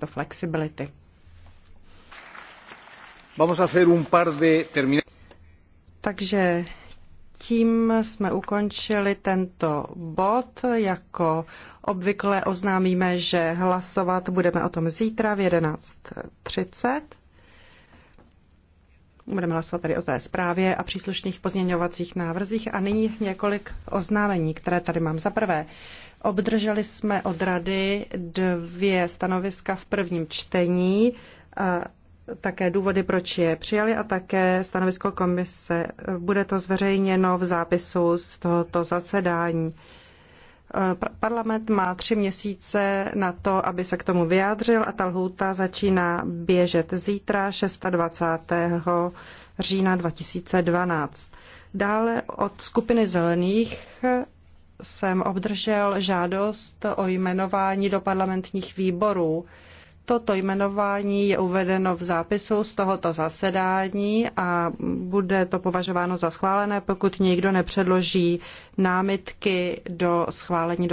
do flexibility. Vamos a hacer un par de Takže tím jsme ukončili tento bod. Jako obvykle oznámíme, že hlasovat budeme o tom zítra v 11.30. Budeme hlasovat tady o té zprávě a příslušných pozměňovacích návrzích. A nyní několik oznámení, které tady mám. Za prvé, obdrželi jsme od rady dvě stanoviska v prvním čtení, a také důvody, proč je přijali a také stanovisko komise. Bude to zveřejněno v zápisu z tohoto zasedání. Eh, parlament má tři měsíce na to, aby se k tomu vyjádřil a ta lhůta začíná běžet zítra 26. října 2012. Dále od skupiny zelených jsem obdržel žádost o jmenování do parlamentních výborů. Toto jmenování je uvedeno v zápisu z tohoto zasedání a bude to považováno za schválené, pokud nikdo nepředloží námitky do schválení do